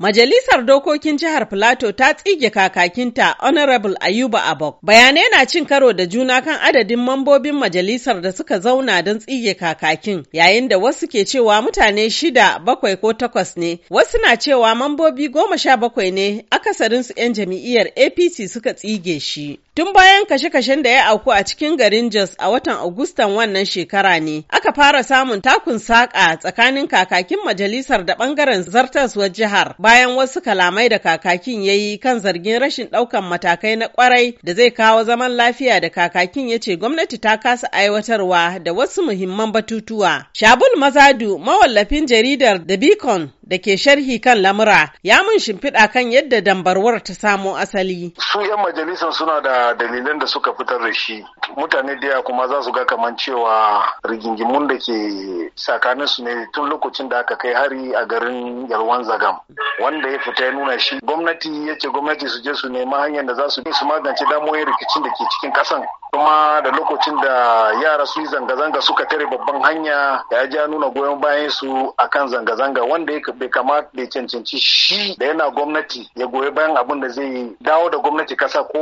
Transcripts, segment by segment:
Majalisar Dokokin Jihar Filato ta tsige kakakinta Honorable Ayuba Abok. Bayanai na cin karo da juna kan adadin mambobin majalisar da suka zauna don tsige kakakin, yayin da wasu ke cewa mutane shida, bakwai ko takwas ne, wasu na cewa mambobi goma sha bakwai ne, akasarin su 'yan jami'iyar APC suka tsige shi. Tun bayan kashe-kashen da ya auku a cikin garin Jos a watan Agustan wannan shekara ne, aka fara samun takun saƙa tsakanin kakakin majalisar da ɓangaren zartaswar jihar. bayan wasu kalamai da kakakin ya yi kan zargin rashin ɗaukan matakai na kwarai da zai kawo zaman lafiya da kakakin ya ce gwamnati ta kasa aiwatarwa da wasu muhimman batutuwa. Shabul Mazadu mawallafin jaridar The Beacon da ke sharhi kan lamura ya mun shimfiɗa kan yadda dambarwar ta samo asali. Su 'yan majalisar suna da dalilan da suka fitar da shi. Mutane da kuma za su ga kamar cewa rigingimun da ke tsakanin su ne tun lokacin da aka kai hari a garin Yarwan Zagam. Wanda ya fita ya nuna shi gwamnati ya ce gwamnati su je su nema hanyar da za su su magance damuwar rikicin da ke cikin ƙasan. kuma da lokacin da yara su yi zanga-zanga suka tare babban hanya ya ja nuna goyon bayan su akan zanga-zanga wanda ya bai kamata bai cancanci shi da yana gwamnati ya goyi bayan abin da zai dawo da gwamnati kasa ko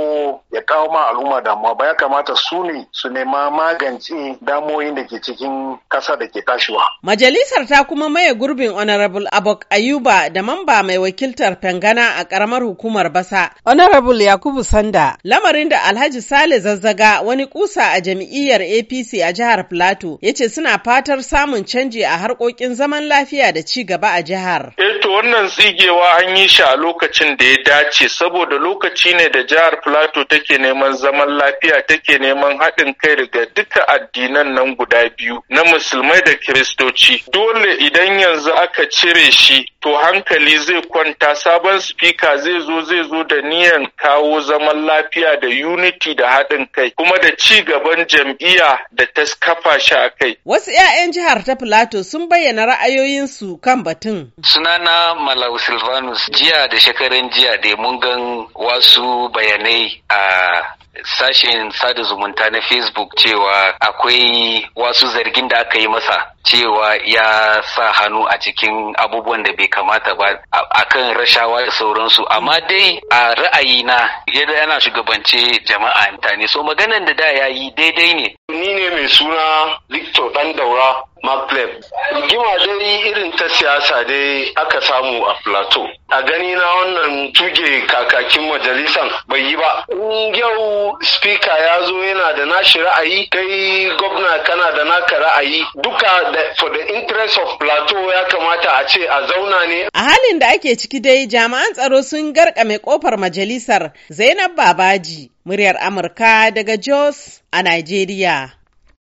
ya kawo ma al'umma damuwa ba ya kamata su ne su nema magance damoyin da ke cikin kasa da ke tashiwa. Majalisar ta kuma maye gurbin Honorable Abok Ayuba da mamba mai wakiltar Fengana a karamar hukumar Basa. Honorable Yakubu Sanda. Lamarin da Alhaji Sale Zazzaga wani kusa a jam'iyyar APC a jihar Plateau ya ce suna fatar samun canji a harkokin zaman lafiya da ci gaba a jihar. Eto eh, wannan tsigewa an yi shi a lokacin da ya dace saboda lokaci ne da jihar Plateau take neman zaman lafiya take neman haɗin kai daga duka addinan nan guda biyu na musulmai da kiristoci. Dole idan yanzu aka cire shi to hankali zai kwanta sabon spika zai zo zai zo da niyan kawo zaman lafiya da unity da haɗin kai kuma da ci gaban jam'iyya da ta kafa shi a kai. Wasu 'ya'yan jihar ta Filato sun bayyana ra'ayoyinsu kan batun. Sunana Malau Silvanus jiya da shekaran jiya da mun gan wasu bayanai a sashen sada zumunta na Facebook cewa akwai wasu zargin da aka yi masa cewa ya sa hannu a cikin abubuwan da bai kamata ba a kan rashawa da sauransu amma dai a ra'ayi na yadda yana shugabance jama'a mutane so maganan da da ya yi daidai ne ni ne mai suna Victor Dan Daura Maplep. Gima dai irin ta siyasa dai aka samu a Plateau. A gani na wannan tuge kakakin majalisan bai yi ba. In yau spika ya zo yana da nashi ra'ayi, kai gwamna kana da naka ra'ayi. Duka for the interest of Plateau ya kamata a ce a zauna ne. A halin da ake ciki dai jami'an tsaro sun garkame kofar majalisar Zainab Babaji, muryar Amurka daga Jos a Najeriya.